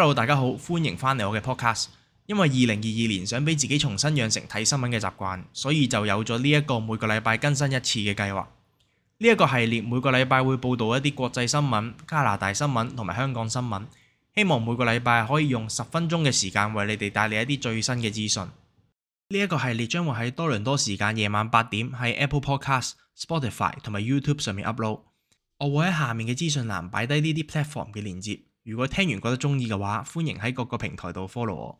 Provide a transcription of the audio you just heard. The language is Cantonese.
Hello，大家好，歡迎返嚟我嘅 podcast。因為2022年想俾自己重新養成睇新聞嘅習慣，所以就有咗呢一個每個禮拜更新一次嘅計劃。呢一個系列每個禮拜會報道一啲國際新聞、加拿大新聞同埋香港新聞，希望每個禮拜可以用十分鐘嘅時間為你哋帶嚟一啲最新嘅資訊。呢一個系列將會喺多倫多時間夜晚八點喺 Apple Podcast、Spotify 同埋 YouTube 上面 upload。我會喺下面嘅資訊欄擺低呢啲 platform 嘅鏈接。如果聽完覺得中意嘅話，歡迎喺各個平台度 follow 我。